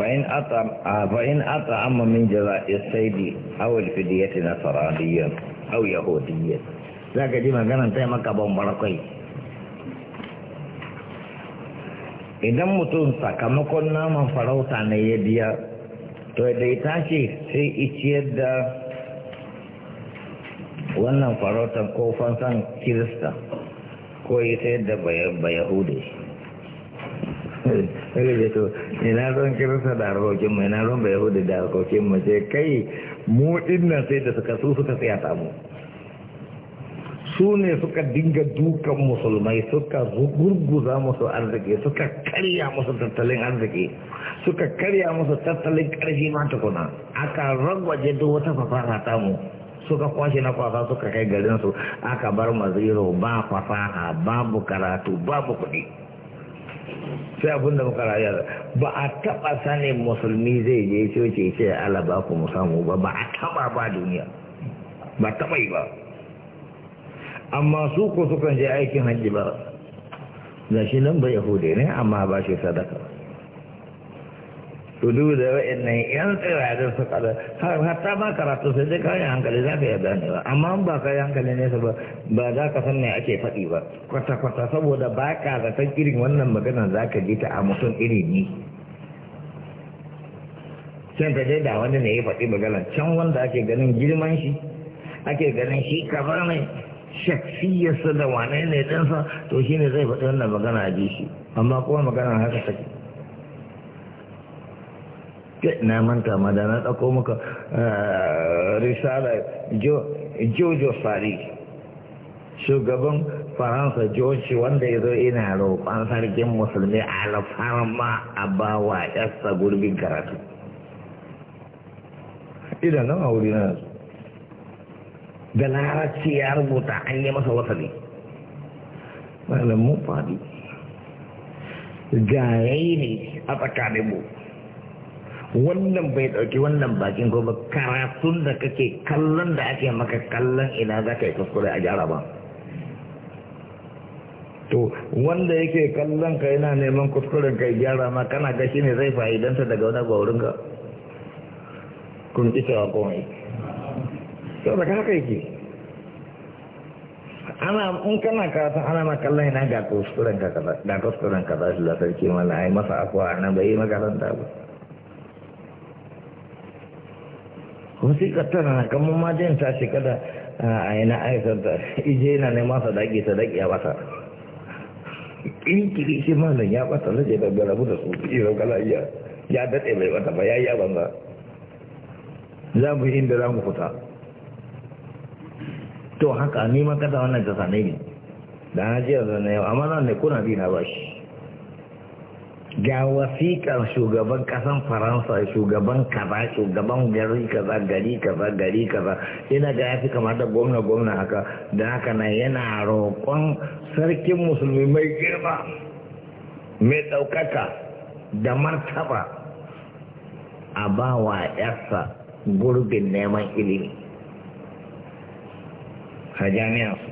فإن أطعم فإن أطعم من جزاء السيد أو الفدية نصرانيا أو يهوديا ذاك دي ما كان انتهى مكة بمبرقي idan mutum sakamakon naman farauta na ya biya to da ya tashi sai iciyar da wannan farautar ko fansan kirista ko ya sayar da bayahude sai ya to ina zan kirsa da harkokin mu ina zan bai da harkokin mu kai mu dinnan sai da suka su suka tsaya ta mu su ne suka dinga dukan musulmai suka gurguza musu arziki suka karya musu tattalin arziki suka karya musu tattalin karfi ma tukuna aka ragwaje duk wata fafaha tamu mu suka kwashe na kwasa suka kai garinsu aka bar maziro ba fasaha babu karatu babu kuɗi sai abin da muka rayar ba a taɓa sanin musulmi zai je coci ce ala ba ku musamu ba ba a taɓa ba duniya ba taɓa yi ba amma su ko sukan je aikin hajji ba ga shi nan ba yahudai ne amma ba shi sadaka to duk da wa'annan yan da su kada hatta ba karatu sai dai kawai hankali za ka yi gane ba amma ba ka yi hankali ne ba ba za ka san me ake faɗi ba kwata-kwata saboda ba ka zaton irin wannan magana za ka ji ta a mutum irin ni can ta da wanda ne ya faɗi magana can wanda ake ganin girman shi ake ganin shi kamar mai shafiyarsa da wane ne ɗansa to shi ne zai faɗi wannan magana a ji shi amma kuma maganar haka take na manta ma da na ɗauko maka eh, risala jojo fari shugaban faransa joji wanda ya zo ina roƙon sarkin musulmi alfarma a ba wa yarsa gurbin karatu idan nan a wuri na da larabci ya rubuta an yi masa wasali malamin faɗi gayayi ne a tsakaninmu wannan bai ɗauki wannan bakin ko ba karatun da kake kallon da ake maka kallon ina za ka yi kuskure a gyara ba to wanda yake kallon ka yana neman kuskuren ka gyara ma kana ga shi ne zai fa'idanta daga wani baurin ka kun ki cewa komai to ka haka yake ana in kana karatun ana ma kallon ina ga kuskuren ka kaza ga kuskuren kaza shi la sarki a ai masa akwa nan bai makaranta ba wasu tana na kamar ma ta shi kada a yana aikar da ije yana nema sadaki sadaki ya bata kiri shi malam ya bata laje da rabu da su irin kala iya ya daɗe mai bata ba ya yi abin ba za mu yi inda za mu fita to haka ni ma kada wannan ta sane ne da na jiyar na yau amma na ne kuna bi na bashi ga wasiƙar shugaban ƙasan faransa shugaban kaza shugaban gari kaza gari kaza gari kaza ina ga yafi kamar da gwamna gwamna haka da haka nan yana roƙon sarkin musulmi mai girma mai ɗaukaka da martaba a ba wa ‘yarsa gurbin neman ilimi a jami'arsu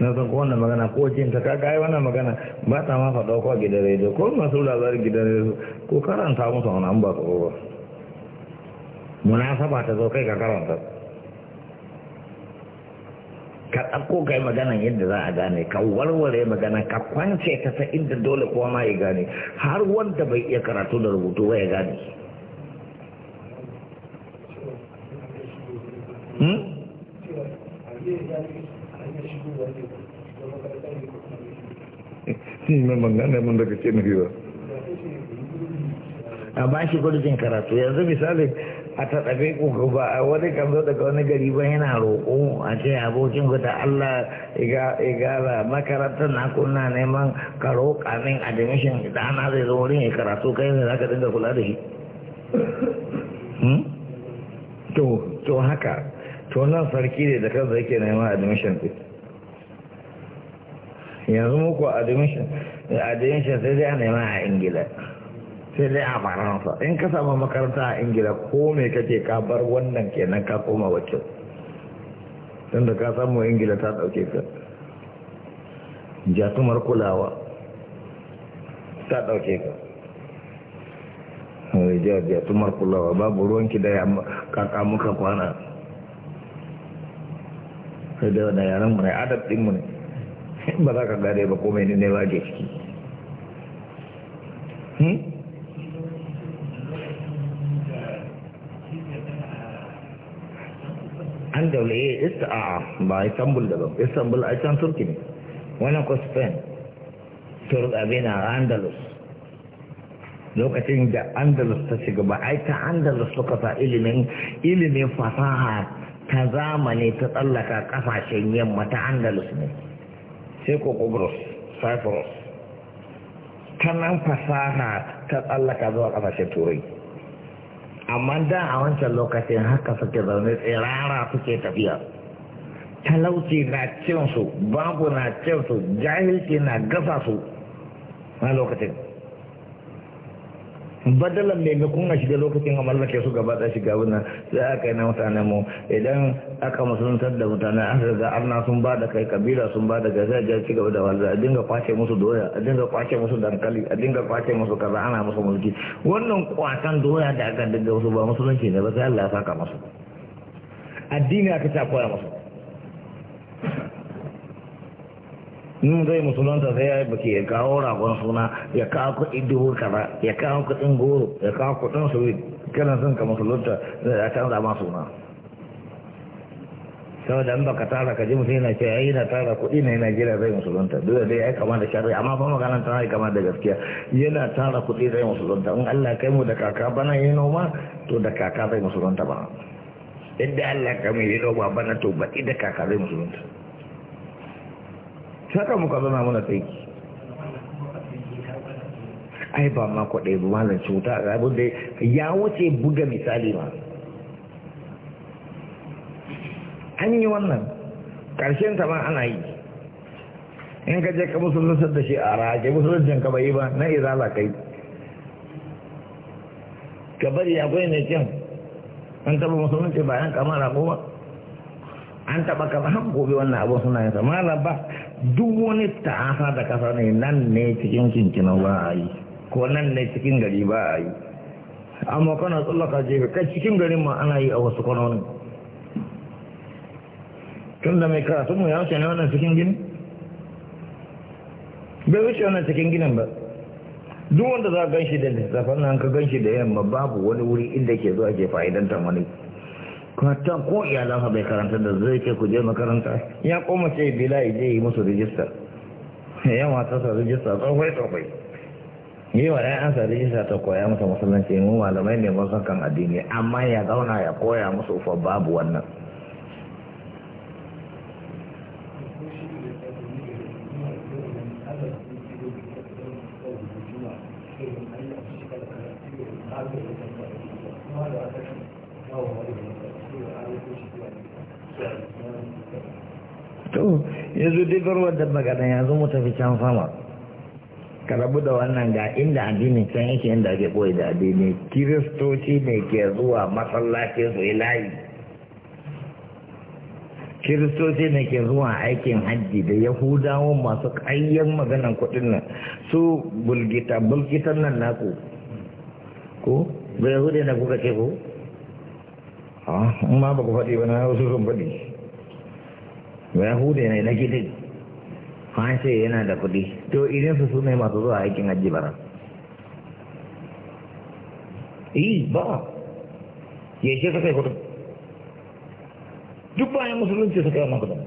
na san ko wannan magana ko jin ta kaga ai wannan magana ba ta ma faɗa ko gidan rediyo ko masu labarin gidan rediyo ko karanta musu wani an ba tsoro ba munasaba ta zo kai ka karanta ka ɗauko kai maganan yadda za a gane ka warware magana ka kwance ta ta inda dole kowa ma ya gane har wanda bai iya karatu da rubutu ba ya gane na magana mun daga ce nufi ba a ba shi gurbin karatu yanzu misali a taɗaɓe ƙoƙo ba a wani kan zo daga wani gari ba yana roƙo a ce abokin ku da Allah igala makarantar na kuna neman ka roƙa min admission da ana zai zo wurin ya karatu kai ne za ka dinga kula da shi hmm? to haka to nan sarki ne da kansa yake neman admission ɗin yanzu muku admission sai dai a nema a ingila sai dai a faransa in ka samu makaranta a ingila ko mai kake ka bar wannan kenan ka koma wakil don da ka samu ingila ta dauke ka jatumar kulawa ta dauke ka jatumar kulawa babu ruwanki da ya kaka muka kwana sai da yaran mu ne adab mu ne ba za ka gane ba komai ne ba ke ciki hmm? an daule ya eh, ista a ba istanbul da ba istanbul a can turki ne wannan ko spain turk abin a andalus lokacin da andalus ta shiga ba ai ta andalus suka sa ilimin ilimin fasaha ta zamani ta tsallaka kasashen yamma ta andalus ne sai ko Cyprus Cyprus ta nan fasaha ta tsallaka zuwa ƙasashen turai amma da a wancan lokacin haka suke zaune tsirara suke tafiya talauci na cinsu babu na cinsu jahilci na gasa su na lokacin badalan mai kun a shiga lokacin a mallake su gaba da shiga wuna sai aka yi na mutane mu idan aka musuluntar da mutane an riga arna sun ba da kai kabila sun ba da gaza ja ci gaba da walza a dinga kwace musu doya a dinga kwace musu dankali a dinga kwace musu kaza ana musu mulki wannan kwatan doya da aka dinga musu ba musulunci ne ba sai Allah ya saka musu addini aka ta koya musu in zai musulunta sai ya yi baki ya kawo rakon suna ya kawo kuɗi dubu kaza ya kawo kuɗin goro ya kawo kuɗin su kiran sun ka musulunta zai eh, ya canza ma suna sau da in baka tara ka ji mutum yana ce ai yana tara kuɗi na yana jira zai musulunta dole dai ya kama da shari'a amma fa maganar tana kama da gaskiya yana tara kuɗi zai musulunta in Allah kai mu da kaka bana yi noma to da kaka zai musulunta ba yadda Allah kai mu yi noma bana to ba da kaka zai musulunta shaka muka zama muna taiki ai ba ma kwaɗe ba malar cuta abin da ya wuce buga misali ma an yi wannan ƙarshen ta ma ana yi in ka je ka musulunci da shi a rage musuluncin ka bai ba na izala kai ka bari akwai ne kyan an taɓa musulunci bayan kamar ba. an taɓa kamar gobe wannan abu suna yin samara ba duk wani tahafa da kasa ne nan ne cikin cincinan ba a yi ko nan ne cikin gari ba a yi amma kana tsallaka jefe kai cikin garin ma ana yi a wasu kwanoni tun da mai karatu mu ya wuce ne wannan cikin gini bai wuce wannan cikin ginin ba duk wanda za a gan shi da littafan nan ka gan shi da yamma babu wani wuri inda ke zuwa ke fa'idantar wani kwatan ko iyalansa bai karanta da zai ke ku je makaranta ya koma ce bila je yi musu rijista ya mata sa rijista tsohon tsohon yi wa ‘ya'yansa rijista ta koya musu musulunci mu malamai ne mun kan addini amma ya zauna ya koya musu ufa babu wannan Thank you. to yanzu duk garwar da magana yanzu mu tafi can fama ka rabu da wannan ga inda addinin can yake inda ake koyi da addini kiristoci ne ke zuwa masallaci su yi layi kiristoci ne ke zuwa aikin hajji da yahudawan masu kayan maganan kuɗin nan su bulgita bulgitan nan naku ko bai hudu na kuka ce ko in ma ba ku faɗi ba na wasu sun faɗi ba ya hude ne na gidin an ce yana da kuɗi to idan su sune masu zuwa aikin hajji bara yi ba ya ce suka yi kuɗin duk bayan musulunci suka yi wannan kuɗin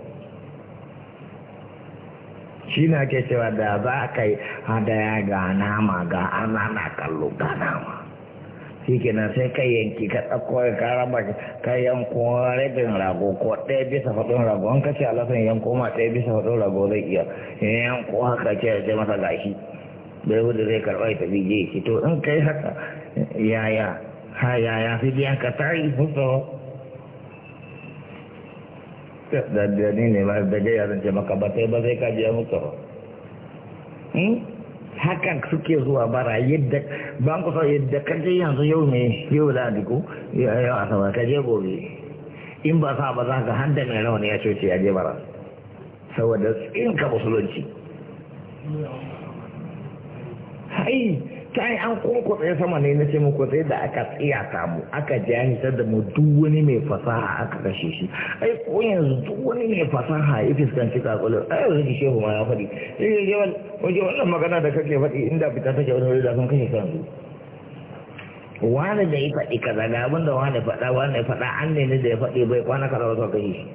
shi na ke cewa da za ka yi hadaya ga nama ga ana na kallo ga nama shi kenan sai ka yanki ka ɗauko ya ka raba ka yanko rabin rago ko ɗaya bisa faɗin rago an kace alasan yanko ma ɗaya bisa faɗin rago zai iya yanko haka ce ce masa gashi bai wuce zai karɓa ya tafi je shi to in kai haka yaya ha yaya sai biyan ka tari musu da da ne ma ga yaran ce maka ba sai ba sai ka biya musu ba hmm? hakan suke zuwa bara yadda ban kusa yadda kaje yanzu yau ne yau ladi ko yau sama kaje gobe in ba sa ba za ka handa mai rauni ya coci ya je bara saboda in ka musulunci hai kai an kunkuɗe sama ne na ce muku sai da aka tsiyata mu aka jahitar da mu duk wani mai fasaha aka kashe shi ai ko yanzu duk wani mai fasaha ya fuskanci kakwalo ai yanzu ki shehu ma ya faɗi je waje wannan magana da kake faɗi inda fita take wani wuri da sun kashe kansu wani da ya faɗi kaza ga abin da wani faɗa wani faɗa an ne da ya faɗi bai kwana kaza wata kashe shi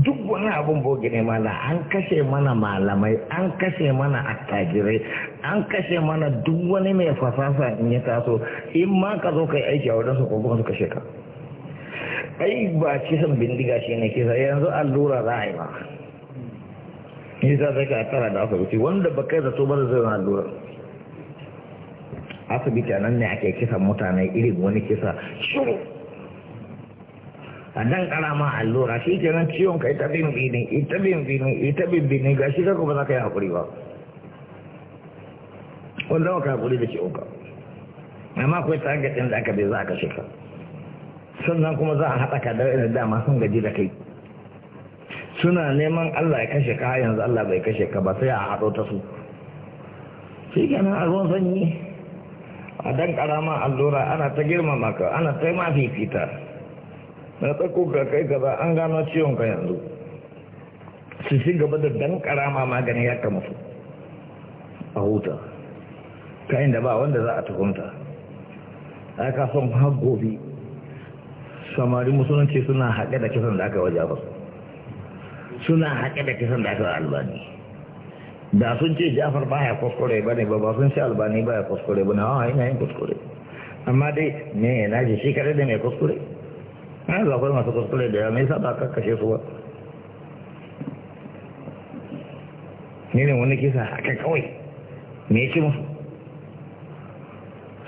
duk wani abin boge ne mana an kashe mana malamai an kashe mana attajirai an kashe mana duk wani mai fasafa in ya taso in ma ka zo kai aiki a wajen su kuma su kashe ka ai ba kisan bindiga shi ne kisa yanzu allura za a yi ba ni za ka tara da asibiti wanda ba kai zato ba zai zai allura asibiti nan ne ake kisan mutane irin wani kisa shiru a dan karama allura shi ke nan ciwon ka ita bin bini ita bin bini ita bin bini ga shi ka kuma za ka yi haƙuri ba wanda ka haƙuri da ciwon ka amma akwai target ɗin da aka bai za a kashe ka sannan kuma za a haɗa ka da wani dama sun gaji da kai suna neman Allah ya kashe ka yanzu Allah bai kashe ka ba sai a haɗo ta su shi ke nan a ruwan sanyi a dan karama allura ana ta girmama ka ana ta ma fifita na tsakko ka kai kaza an gano ciwon ka yanzu su shi gaba da dan karama magani ya kama su a huta kayan inda ba wanda za a tukunta a ka son har gobe samari musulunci suna haƙe da kisan da aka waje ba suna haƙe da kisan da aka albani da sun ce jafar ba ya kuskure ba ne ba ba sun ce albani ba ya kuskure ba ne hawa ina yin kuskure amma dai ne na ji shi kare da mai kuskure na zafi masu kuskure da ya mai sa ba kashe su ba ne ne wani kisa haka kawai me ci musu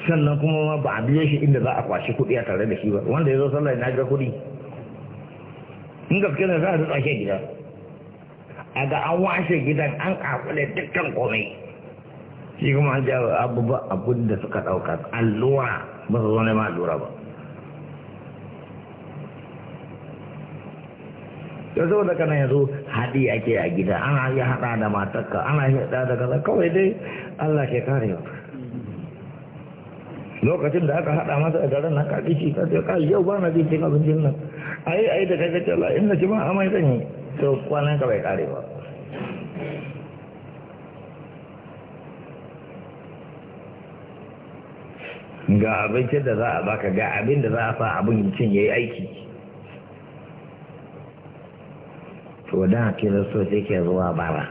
sannan kuma ba a biye shi inda za a kwashi kuɗi a tare da shi ba wanda ya zo sallah na ga kuɗi in gaske ne za a tsashe gida a ga an washe gidan an kakule dukkan komai shi kuma an jawo abubuwa abin da suka ɗauka allura ba su zo neman allura ba da zo da kana yanzu haɗi ake a gida ana iya haɗa da matarka ana iya haɗa da kaza kawai dai Allah ke karewa lokacin da aka haɗa masa a garin nan kaɗi shi kaɗi ka yau ba na jin abincin nan a yi da kaga cewa in na ci ma amai zan yi to kwanan ka bai kare ba ga abincin da za a baka ga abin da za a sa abin cin yi aiki to da kiristoci ke zuwa bara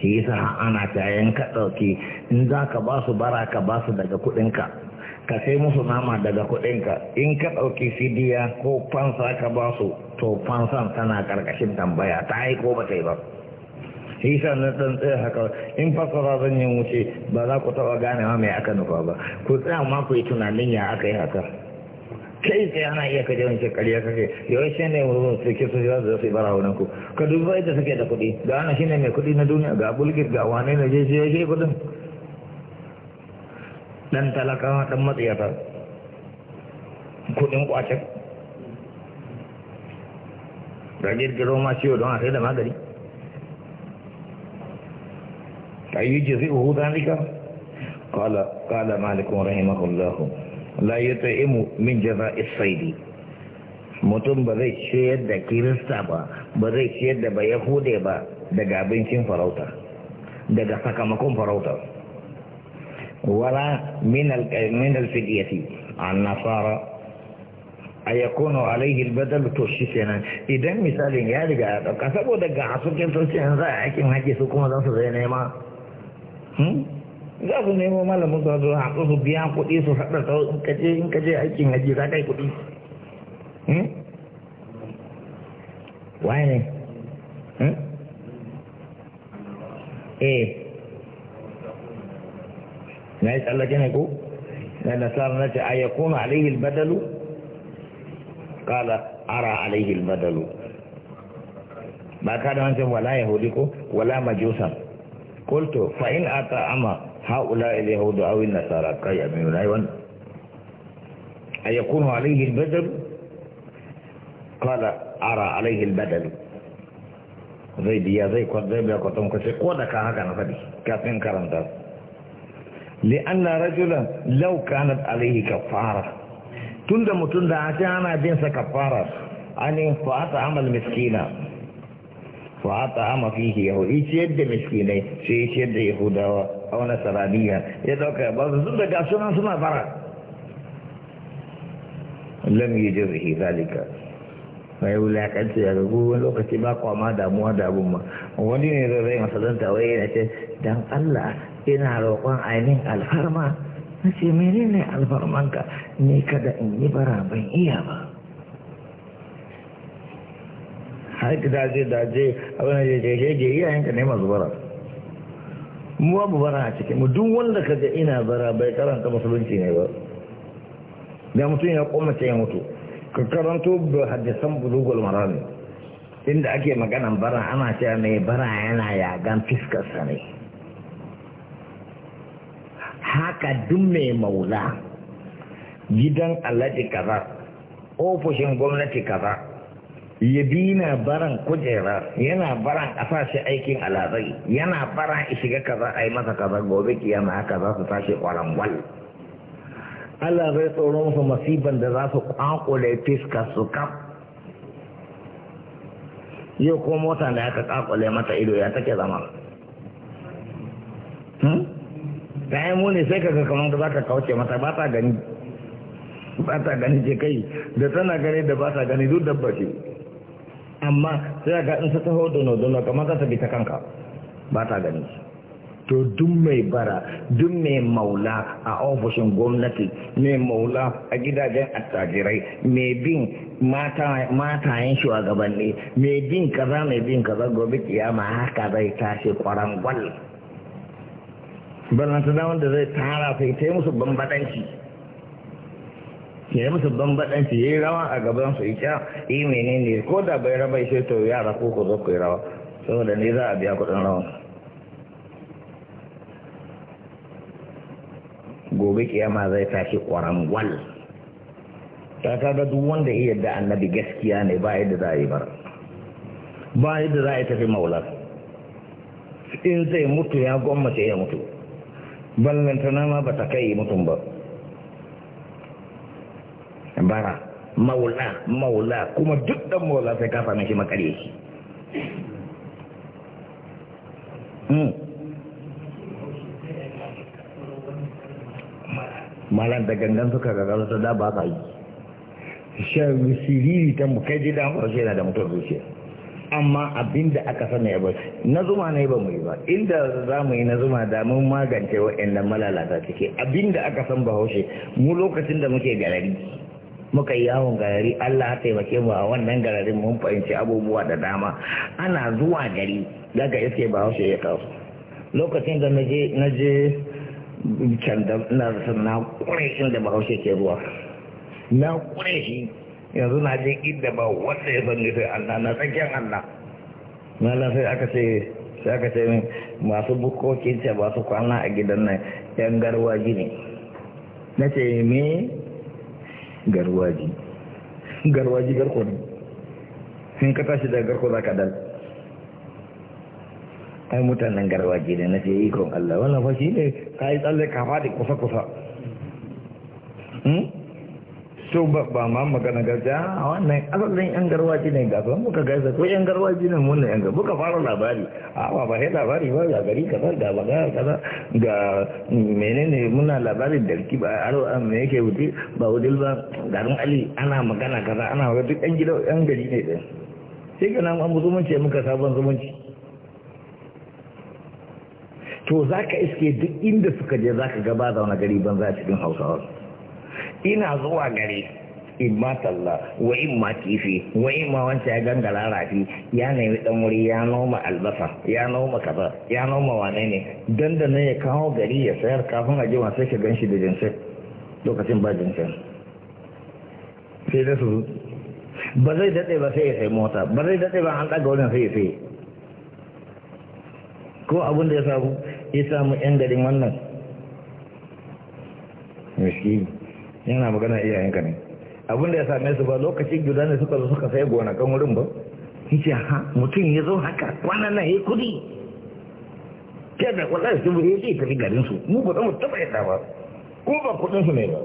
shi yasa ana tayan ka ɗauki in za ka ba su bara ka ba su daga kuɗinka ka sai musu nama daga kuɗinka in ka ɗauki fidiya ko fansa ka ba su to fansan tana ƙarƙashin tambaya ta yi ko ba ta yi ba shi yasa na dan tsaya haka in fasara zan yi wuce ba za ku taɓa ganewa mai aka nufa ba ku tsaya ma ku yi tunanin ya aka yi haka kai sai ana iya kaje wani shekariya kake yawai ne wurin suke su za su yi bara wurin ku ka duba yadda suke da kuɗi ga ana shine mai kuɗi na duniya ga bulgir ga wane na je shi shi kuɗin dan talakawa dan matsiyata kuɗin kwace ga girgiro ma ciwo don a sai da magani Ka yi jizi uhu zalika قال قال مالك رحمه الله la imu min jaza isaidi mutum ba zai ciyar da kirista ba ba zai ciyar da ba yahude ba daga abincin farauta daga sakamakon farauta wala min al-fidiyati an nasara a alaihi albadal to shi kenan idan misalin ya riga ya dauka saboda ga asukin sun ce yanzu a aikin haji su kuma za su zai nema hmm? za su nemo malamin su zuwa haɗu su biya kuɗi su haɗa sau in kaje in kaje aikin haji za ka yi kuɗi waye ne eh na yi tsallake ne ko na nasarar na ce a ya koma alaihi badalu kala ara alaihi badalu ba ka da wancan wala yahudi ko wala majusa kulto fa in ata ama هؤلاء اليهود او النصارى كي يؤمنون ايضا ان يكون عليه البدل قال ارى عليه البدل زي دي زي كون زي بيا كون كسي كون كان هكا نفدي كاسين كارنتا لان رجلا لو كانت عليه كفاره تندم تندم عشان انا بينسى كفاره اني فاتى عمل مسكينه fa'ata a mafihi yau yi ciyar da miskinai sai yi ciyar da yahudawa a wani saradiya ya dauka ba su sun daga suna suna fara lam yi jin rahi zalika mai wulakanci a gugu wani lokaci ba kwama damuwa da abun ma wani ne zai rai masalanta wai yana ce dan allah ina roƙon ainihin alfarma na ce menene alfarmanka ne kada in yi bara ban iya ba haiti dace dace abin da je je je yanka ne masu bara mu babu bara a cikin mu duk wanda ka ga ina bara bai karanta musulunci ne ba da mutum ya koma ya mutu ka karanto hadisan bulugul marami inda ake maganan bara ana cewa mai bara yana yagan fiskarsa ne haka duk mai maula gidan alaji kaza ofishin gwamnati kaza ya dina baran kujera yana baran a sashi aikin alazai yana baran shiga kaza a yi masa kaza gobe kiyama haka za su tashi kwarangwal Allah zai tsoro musu masiban da za su kwakwale fiska su kaf yau ko mota da aka kwakwale mata ido ya take zama ta hmm? yi muni sai ka kamar da za ka kauce mata ba ta gani ba ta gani ce kai da tana gani da ba ta gani duk dabba ce amma sai ga in su taho dono dono kamar za ta bi ta kanka ba ta gani to duk mai bara duk mai maula a ofishin gwamnati mai maula a gidajen attajirai mai bin matayen shugabanni mai bin kaza mai bin kaza gobe kiyama haka zai tashi kwarangwal balantana wanda zai tara sai ta yi musu bambadanci ya musu bambaɗanci ya yi rawa a gaban su ita yi eh, menene ko da bai raba shi to yara ko ku zo ku yi rawa saboda ne za a biya kudin rawan gobe kiyama zai tashi ƙwarangwal ta ga duk wanda iya da annabi gaskiya ne ba yadda za a yi bara ba yadda za a yi tafi maular in zai mutu ya gwamnati ya mutu ballantana ma ba ta kai mutum ba bara maula maula kuma duk dan maula sai ka mai shi makare shi hmm. malan da gangan suka ga gaba da ba ka yi shan siriri ta mu kai ji da shi yana da mutum zuciya amma abin da aka sani ba na zuma ne ba mu yi ba inda za mu yi na zuma da mun magance wa'annan malalata ciki abin da aka san bahaushe mu lokacin da muke galari muka yi yawon garari Allah ya taimake mu a wannan gararin mun fahimci abubuwa da dama ana zuwa gari daga yake ba wasu ya kawo lokacin da na je can da na na kure inda ba wasu ke ruwa na kure shi yanzu na je inda ba wanda ya sani sai Allah na tsakiyar Allah na lafiya aka ce sai aka ce min masu bukokin ce ba su kwana a gidan nan yan garwaji ne na ce me garwaji garwaji garko ne sun ka tashi daga garko za ka dal ai mutanen garwaji ne na ce ikon Allah wannan fashi ne ka yi tsalle ka faɗi kusa-kusa hmm? so ba ba ma magana gaskiya a wannan asalin yan garwaji ne ga ba muka gaisa ko yan garwaji ne mun yan ga muka fara labari a ba ba sai labari ba ga gari kaza ga baga kaza ga mm, menene muna labari da ki ba aro an ah, me yake wuce ba wudil ba garin ali ana magana kaza ana ga duk yan gida yan gari ne din sai ga nan an zumunci muka sabon zumunci to zaka iske duk inda suka je zaka ga ba zauna gari ban banza cikin Hausawa ina zuwa gare in ma talla wa in ma kifi wa in ma wancan ya gangara rafi ya nemi dan wuri ya noma albasa ya noma kaza ya noma wane ne ne ya kawo gari ya sayar kafin a jima sai ka gan shi da jinsin lokacin ba jinsin sai da su ba zai daɗe ba sai ya sai mota ba zai daɗe ba an ɗaga wurin sai ya sai ko abin da ya samu ya samu yan garin wannan miskini yana magana iyayenka ne abinda ya same su ba lokacin guda ne suka zo suka sai kan wurin ba yace ha mutum ya zo haka wannan na yayi kudi kada wallahi sun yi shi fi garin su mu ba mu taba yadda ba ko ba kudin su ne ba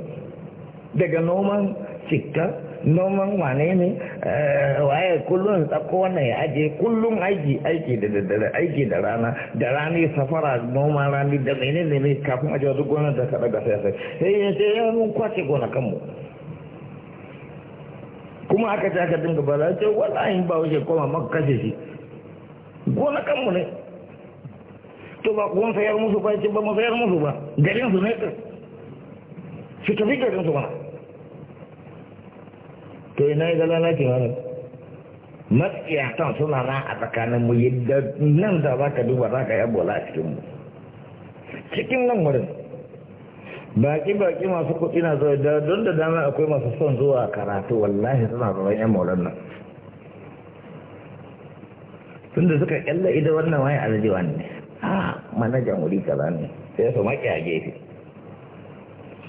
daga noman citta noman wane ne eh, waye kullum tsakko wannan ya aje kullum aiki aiki da daddare aiki da rana da rani safara noma rani da mene ne ne kafin aje wasu gonar da ka daga sai sai eh, ya ce yawon mun kwace gona kanmu kuma aka ce aka dinga bala ce wallahi ba wuce koma maka kashe shi gona kanmu ne to ba kun sayar musu ba ce ba mu sayar musu ba garinsu su ne su tafi garin su ba to ina ya zala lalace ba matsiyatan suna nan a tsakanin mu yadda nan da za ka duba za ka yi abuwa a cikin mu cikin nan wurin baki-baki masu kuɗi na zuwa da don da dama akwai masu son zuwa karatu wallahi suna zuwa yan mauran nan tun da suka kyalla ida wannan waye aljiwa ne a manajan wuri kaza ne sai su maki a gefe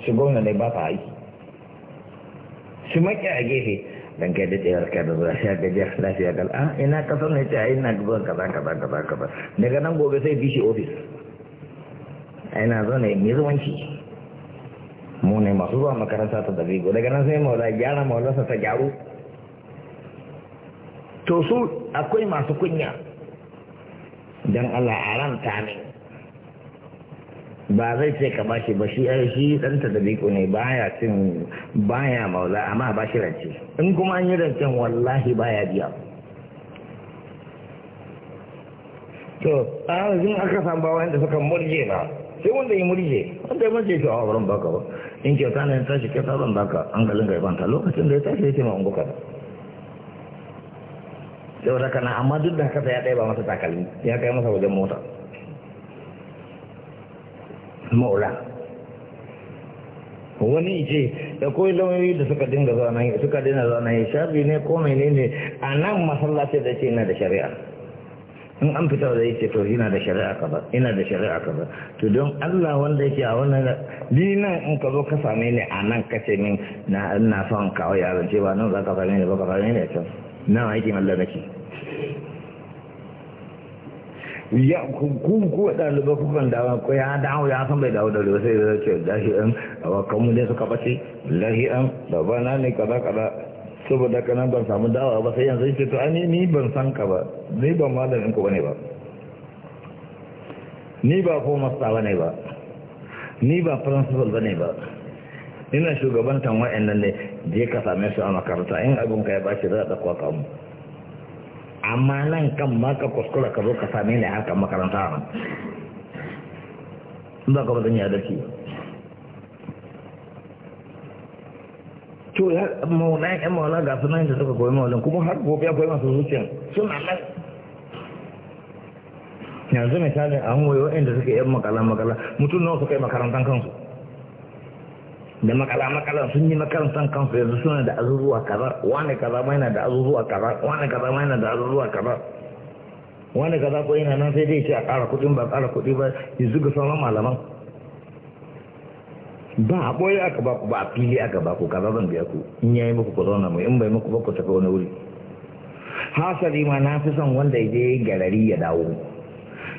shi ne ba ta aiki shi maki a gefe don kai da tsayar ka da zuwa sha shi lafiya gal a ah, ina kasar ne ce ah, a ina zuwa kaza kaza kaza kaza daga nan gobe sai bishi ofis a ah, ina zaune mai zuwanci mu ne masu zuwa makaranta ta dabigo daga nan sai maula gyara maularsa ta gyaru to su akwai masu kunya don Allah a ta min ba zai ce ka bashi ba shi ai shi dan tadbiqu ne baya cin baya maula amma ba shi rance in kuma an yi rancen wallahi baya biya to a yanzu aka san ba wanda suka murje ba sai wanda ya murje wanda ya murje shi a wurin baka ba in kyauta ne tashi kyauta ban baka an galin gaibanta lokacin da ya tashi ya ce ma unguka wata kana amma duk da haka ya ɗaya ba masa takalmi ya kai masa wajen mota maula wani ce da koyi lauyoyi da suka dinga zuwa nan suka dinga zuwa nan shafi ne ko ne a nan masallaci da ce ina da shari'a in an fita da yake to ina da shari'a kaza ina da shari'a ba to don Allah wanda yake a wannan dinan in ka zo ka same ni a nan kace min na ina son kawai yaron ce ba nan za ka same ni ba ka same ni a can nan aikin Allah ke ya kun ku ku kukan dawa ko ya dawo ya san bai dawo da ruwa sai zai ce lahi an awakan kamun ne suka bace lahi an bana ne kada kada saboda kana ban samu dawa ba sai yanzu sai to ani ni ban san ka ba ni ban malamin ku bane ba ni ba ko masta bane ba ni ba principal bane ba ina shugabantan wa'annan ne je ka same su a makaranta in abin ka ya bace za a ɗakwa kamu amma nan kan maka ka kuskura ka zo ka same ni haka makaranta a in ba ka ba zan yi adalci to ya mauna ya mauna ga yin da suka goyi maulin kuma har eh, gobe akwai masu zuciya suna nan yanzu misalin an goyi wa'anda suke yan makala makala mutum nawa suka yi makarantar kansu da makala-makala sun yi makarantar kansu yanzu suna da azuzuwa kaza wani kaza ma yana da azuzuwa kaza wani kaza ma yana da azuzuwa kaza wani kaza ko yana nan sai dai ce a ƙara kuɗin ba ƙara kuɗi ba yanzu zuga sauran malaman ba a ɓoye aka ba ku ba a fili aka ba ku kaza zan biya ku in yayi muku ku zauna mu in bai muku ba ku tafi wani wuri hasali ma na fi son wanda ya je garari ya dawo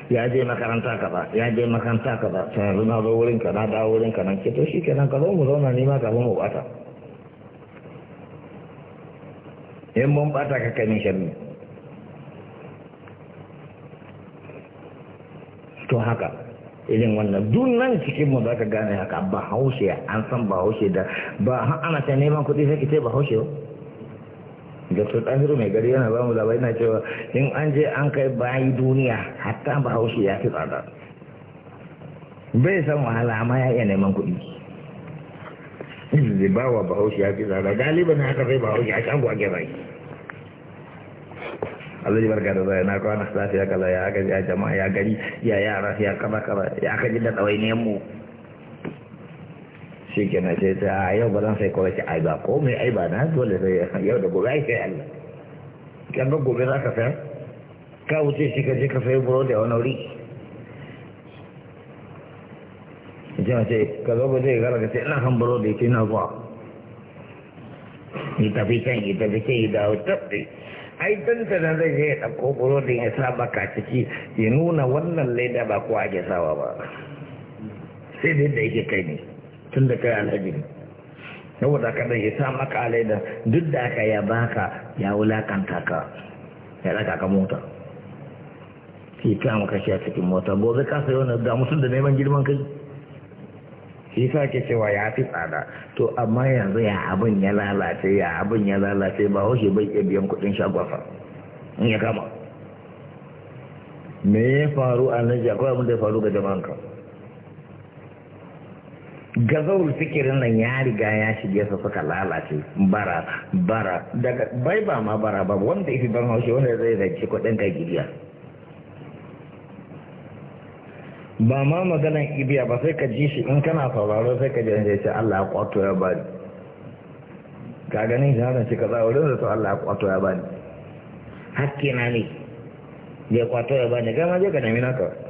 ya je makaranta ba ya je makaranta ka ba sai na zo wurin ka na da wurin ka nan ke to shi kenan ka zo mu zauna ni ma mu bata in mun bata ka kai min to haka irin wannan duk nan cikin mu zaka gane haka ba haushe an san ba haushe da ba ana ta neman kuɗi sai ki ce ba haushe ba Dr. Tahiru mai gari yana ba mu labari na cewa in an je an kai bayi duniya hatta ba haushi ya fi tsada. Bai san wahala amma ya iya neman kuɗi. Zai ba wa bahaushe ya fi tsada na haka sai bahaushe a shago ake bai. Allah ji barka da zai na kwana lafiya kala ya gaji ya jama'a ya gari ya yara ya kaba kaba ya kaji da ɗawainiyar mu. shi ke na ce ta yau ba zan sai kawai ce ai ba ko mai ai ba na dole sai yau da gobe ai sai Allah kan ga gobe za ka sayar ka wuce shi ka je ka sayi buro da wani wuri ita ce ka zo ba zai gara ka ce ina kan buro da yake na zuwa yi tafi can yi tafi can yi dawo tafi ai dan da nan zai je ya ɗauko da ya sa baka ciki ya nuna wannan leda ba ko a ake sawa ba sai dai da yake kai ne tun da kai alhaji ne saboda ka dai sa maka alai da duk da aka ya baka ya wulakanta ka ya daga ka mota shi ka maka shi a cikin mota gobe ka sayo na da mutum da neman girman kai shi sa ke cewa ya fi tsada to amma yanzu ya abin ya lalace ya abin ya lalace ba hoshe bai iya biyan kuɗin shagwafa in ya kama me ya faru a Najeriya akwai abin da ya faru ga jama'an ka gazawar fikirin nan ya riga ya shige sa suka lalace bara bara daga bai ba ma bara ba wanda ifi ban haushe wanda zai zance kuɗin ka gidiya ba ma maganan ibiya ba sai ka ji shi in kana sauraro sai ka ji an ce Allah ya kwato ya bani ka ganin shi hannun shi ka za wurin da to Allah ya kwato ya bani hakki na ne ya kwato ya bani gama je ka nemi naka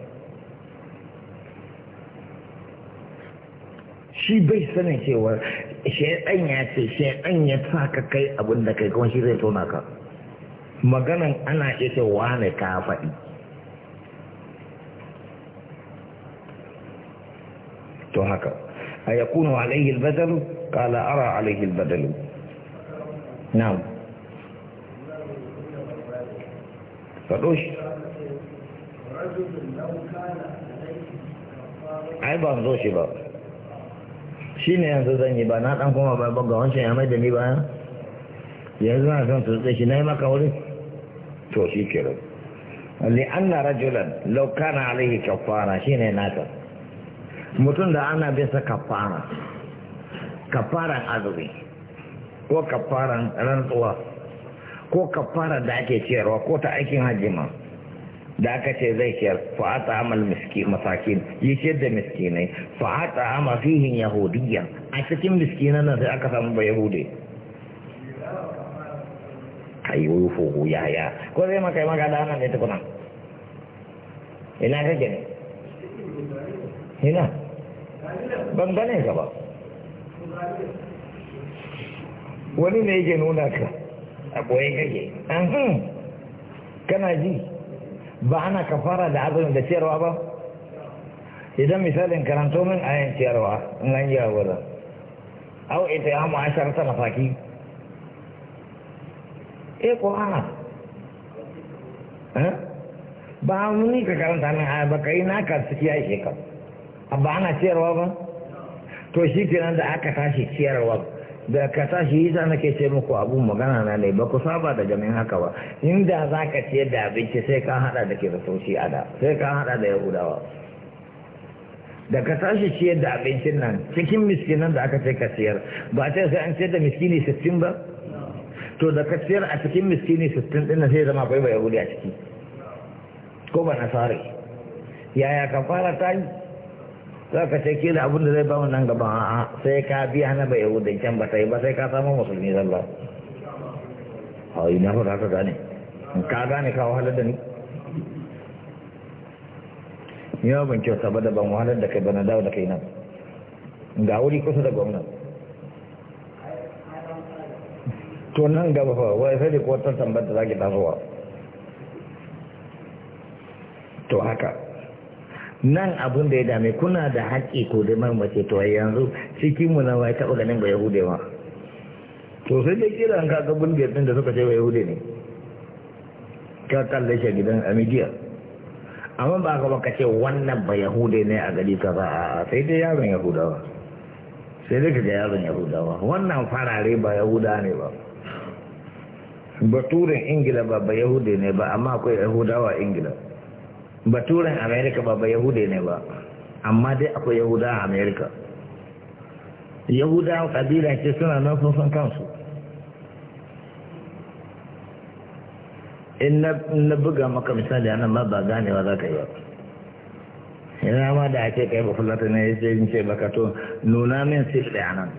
shi bai sanin cewa shaidan ya ce shaidan ya sa ka kai abin da kai kuma shi zai tona ka maganan ana iya ce wane ka faɗi to haka a ya wa alaihi albadalu kala ara alaihi albadalu na'am faɗo shi ai ba zo shi ba shi ne yanzu zan yi ba na dan kuma ba ga wancan ya mai da ni bayan yanzu na son tutse shi na yi maka wuri to shi kira anna rajulan law kana alayhi kafara shi na ta mutum da ana bisa kafara kafaran azumi ko kafaran rantsuwa ko kafara da ake ciyarwa ko ta aikin hajji ma da aka ce zai ciyar fa'ata amal masakin ya ce da miskinai fa'ata ama fihin yahudiyya a cikin miskinan nan sai aka samu ba yahudi kayoyi fuhu ya ko zai maka yi maka da hannun da ta kuna ina kake ne ina ban gane ka ba wani ne yake nuna ka a ɓoye kake kana ji ba ana kafara da azumin da ciyarwa ba idan misalin karanto min yin ciyarwa in an yi wurin au ita ya mu ashar ta mafaki e eh, ko ana eh? ba mu ni ka karanta min aya ba kai na ka ciki ya shekaru ba ana ciyarwa ba to shi kenan da aka tashi ciyarwa da ka tashi za nake ce muku abun magana na ne ba ku saba da ganin haka ba inda za ka ce da abinci sai ka hada da ke kiristoci a da sai ka hada da yahudawa da ka tashi ciyar da abincin nan cikin miskinan da aka ce ka siyar ba ce sai an ciyar da miskini sittin ba to da ka siyar a cikin miskini sittin ɗin sai zama akwai ba yahudi a ciki ko ba nasari yaya ka fara ta za ka ce kila abin da zai ba nan gaba a sai ka biya na bai da can ba ta yi ba sai ka samu musulmi zalla a yi na fara ka gane ka gane ka wahalar da ni ni yawa ban kyauta ba da ban wahalar da kai ba na dawo da kai nan ga wuri kusa da gwamnan to nan gaba fa wai sai da kwatar tambar da za ki tasowa to haka nan abun da ya dame kuna da haƙƙi ko da mace to yanzu cikin mu na wai taɓa ganin ba yahude ma to sai dai kira an kaga bungiyar din da suka ce ba yahude ne ka kalle shi gidan amidiya amma ba ka baka ce wannan ba yahude ne a gari ka ba sai dai yaron yahudawa sai dai ka yaron yahudawa wannan farare ba yahuda ne ba baturen ingila ba ba yahude ne ba amma akwai yahudawa ingila baturen amerika ba ba yahude ne ba amma dai akwai yahuda a amerika yahuda kabila ce suna nan sun san kansu in na buga maka misali anan ma ba ganewa za ka yi ba ina ma da ake kai ba fulata ne ya ce ce baka to nuna min sil ɗaya nan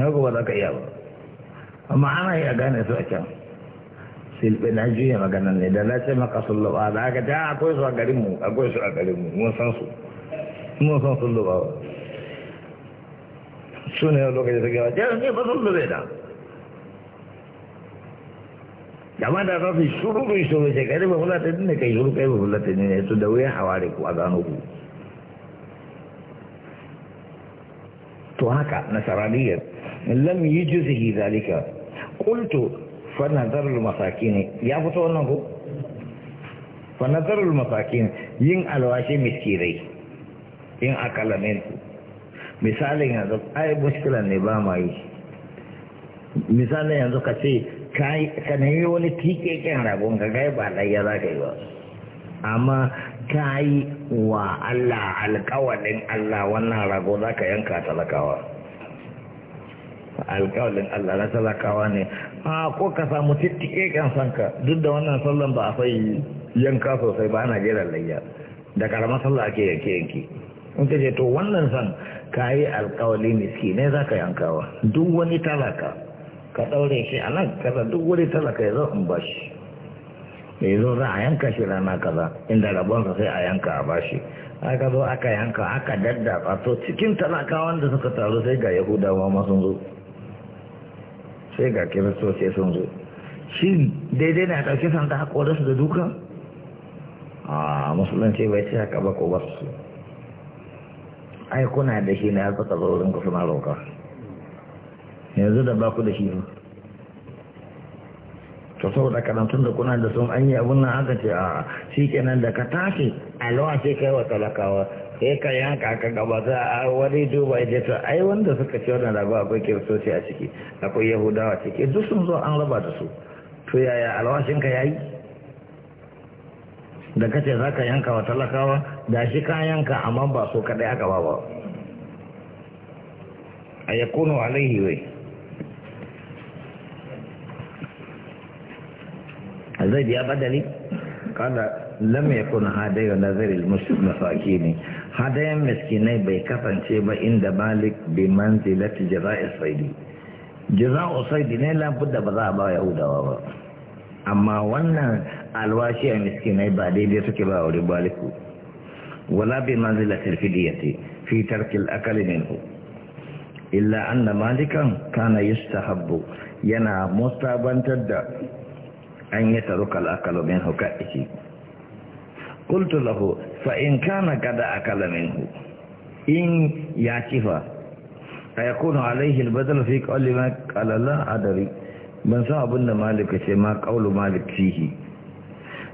haka hmm? ba za ka iya ba amma ana yi a gane su a can silɓe na juya maganan ne da na ce maka sulluɓa da aka ta akwai su a garinmu akwai su a garinmu mun san su mun san sulluɓa ba su ne lokacin suke wa jiyar ne ba sulluɓe da gama da za su shuru mai shuru ce kai ba fulata ne kai shuru kai ba fulata ne su da wuya a ware ku a gano ku to haka nasarariyar lam yi juzihi zalika قلت wannan masaki ne ya fito wannan ko wannan masaki ne yin alwashi miskirai yin akalamentu misalin yanzu ai muskilan ne ba ma yi misalin yanzu ka ce ka yi wani tikekin ragon ka gai ba layya za ka yi ba amma ka yi wa Allah alkawalin Allah wannan rago za ka yanka talakawa alƙawalin Allah na talakawa ne a ko ka samu tittike kan sanka duk da wannan sallan ba a sai yanka sosai ba ana jiran layya da karamar sallah ake yanke yanke in ka ce to wannan san ka yi alƙawali miski ne za ka yankawa duk wani talaka ka ɗaure shi a nan kaza duk wani talaka ya zo in ba shi da zo za a yanka shi rana kaza inda rabonsa sai a yanka a bashi aka zo aka yanka aka daddafa to cikin talakawan da suka taru sai ga yahudawa masu sun zo sai ga kiristoci sun zo shi daidai na ɗauki sanda su da duka a musulunci bai ce haka ba ko ba su ai kuna da shi na kuka wurin ku suna roƙa yanzu da ba ku da shi ne to saboda karantun da kuna da sun an yi abun nan aka ce a shi kenan da ka tashi alon ce kai wa talakawa sai ka yanka ka gabata a wani duba ya to ai wanda suka ce wannan rago akwai kiristoci a ciki akwai yahudawa ciki duk sun zo an raba da su to yaya alwashin ka yayi da kace za ka yanka wa talakawa da shi ka yanka amma ba so kaɗai aka ba ba a alaihi wai zai biya badali kada lam yakun hadayu nazaril masakin hadayan miskinai bai kasance ba inda malik bi manzilati jira'i saidi jira'u saidi ne labudda ba za a ba yahudawa ba amma wannan alwashi a miskinai ba daidai suke ba wurin baliku wala bi manzilatil fidiyati fi tarkil akali minhu illa anna malikan kana yustahabbu yana mustabantar da an yi tarukal akalu min ka قلت له فإن كان قد أكل منه إن يعتفى فيكون عليه البدل في قول ما قال لا أدري من صعب أن مالك ما قول مالك فيه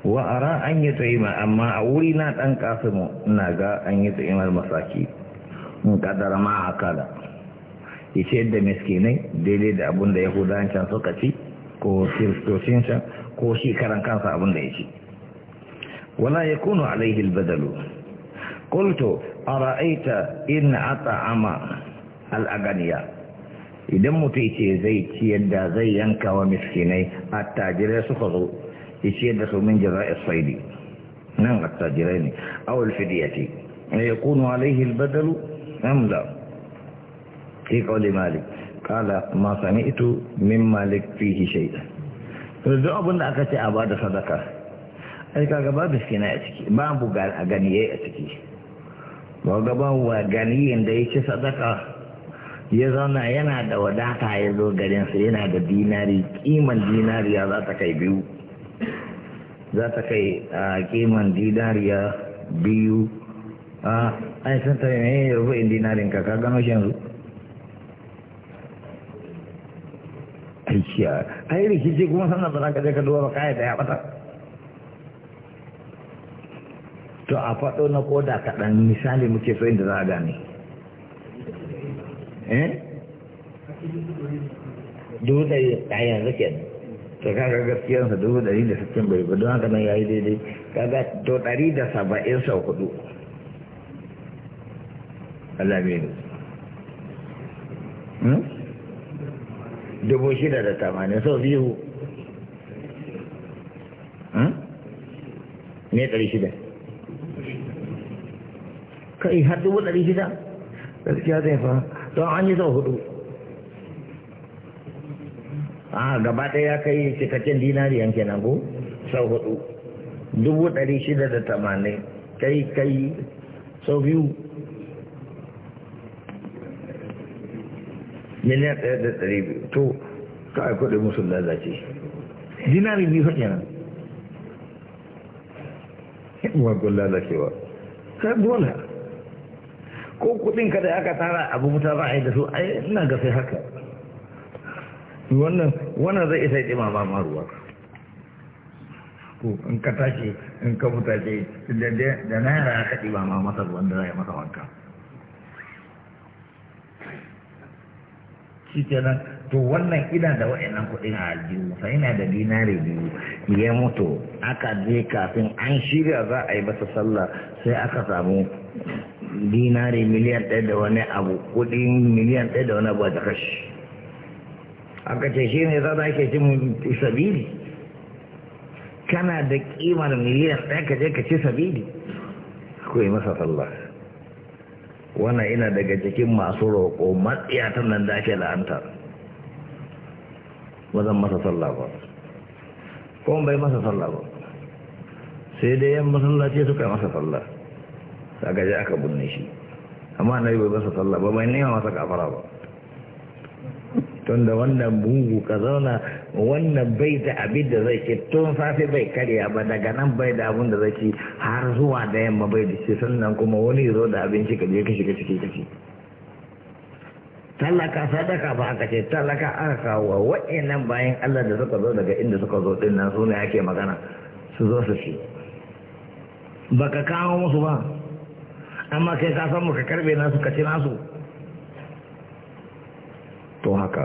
وأرى أن يتعيم أما أولينا أن قاسم ناقا أن يتعيم المساكي من قدر ما أكل يشد مسكيني ديلي دا أبون يهودان كان سقطي ko kiristocin can ko shi karan kansa abin da ya ce ولا يكون عليه البدل قلت أرأيت إن أطعم الأغنياء إذا متيت زيت يدا زينك ومسكيني التاجر يسخذ يسيدس من جراء الصيد نعم التاجرين أو الفدية يكون عليه البدل أم لا في قول مالك قال ما سمعت من مالك فيه شيئا فذو أبن أكتي صدقه ai kaga babu sina a ciki babu ganiye a ciki ba gaba wa gani da ya ci sadaka ya zauna yana da wadata ya zo garinsa yana da dinari kiman dinariya za ta kai biyu za ta kai a kiman dinariya biyu a ai sun ta ne ya rufe dinarin ka gano shi yanzu ai rikici kuma sannan ba za ka je ka duba ba kaya da ya bata to a faɗo na koda kaɗan misali muke so inda za a gane eh dubu ɗari a yanzu kenan to kaga gaskiyarsa dubu ɗari da sittin bai don haka nan ya yi daidai kaga to ɗari da saba'in sau hudu Allah bai hmm? dubu shida da tamanin sau biyu ne hmm? ɗari shida kai har dubu ɗari shida gaskiya zai fa don an yi sau hudu a gaba ɗaya kai cikakken yanke nan ko sau hudu dubu ɗari shida da tamanin kai kai sau biyu miliyan ɗaya da ɗari biyu to kawai kuɗin musul lalace dinari biyu kenan wagon lalacewa ka dole ko kudin ka da aka tara abu wuta za a yi da su ai ina ga sai haka wannan wannan zai isa ɗima ba ma ruwa ko in ka tashi in ka mutu ce da naira ya kaɗi ba ma masa wanda da za a yi masa wanka shi nan to wannan ina da wa'annan kuɗin a aljihu sai ina da dinari biyu ya mutu aka je kafin an shirya za a yi masa sallah sai aka samu dinari miliyan ɗaya da wani abu kuɗin miliyan ɗaya da wani abu a jaka shi aka ce shi ne zada ake cin sabili kana da ƙimar miliyan ɗaya ka je ka ci sabili akwai masa sallah wana ina daga cikin masu roƙo matsiya ta nan da ake la'anta ba zan masa sallah ba kuma bai masa sallah ba sai dai yan masallaci suka masa sallah saka je aka bunne shi amma annabi bai masa sallah ba bai nema masa kafara ba tunda wannan bugu ka zauna wannan bai da abin da zai ke tun safe bai karya ba daga nan bai da abin da zai ci har zuwa da yamma bai da shi sannan kuma wani zo da abinci ka je ka shiga ciki ka ci talaka sadaka ba aka ce talaka aka kawo wa'annan bayan Allah da suka zo daga inda suka zo din nan su ne ake magana su zo su ci baka kawo musu ba amma sai ka samu ka karbe nasu ka ci nasu to haka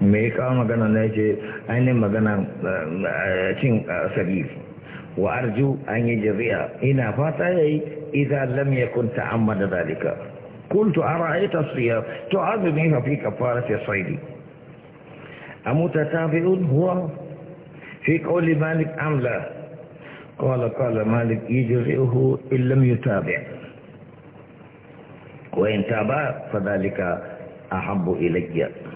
me kawo magana na yake ainihin magana eh, cin eh, sabi wa arju an yi jari'a ina fata ya yi idan lam yakun ta'ammada zalika kuntu ta suya to azumi ka fara ce saidi un huwa fi kawo malik amla قال قال مالك يجرئه إن لم يتابع وإن تابع فذلك أحب إلي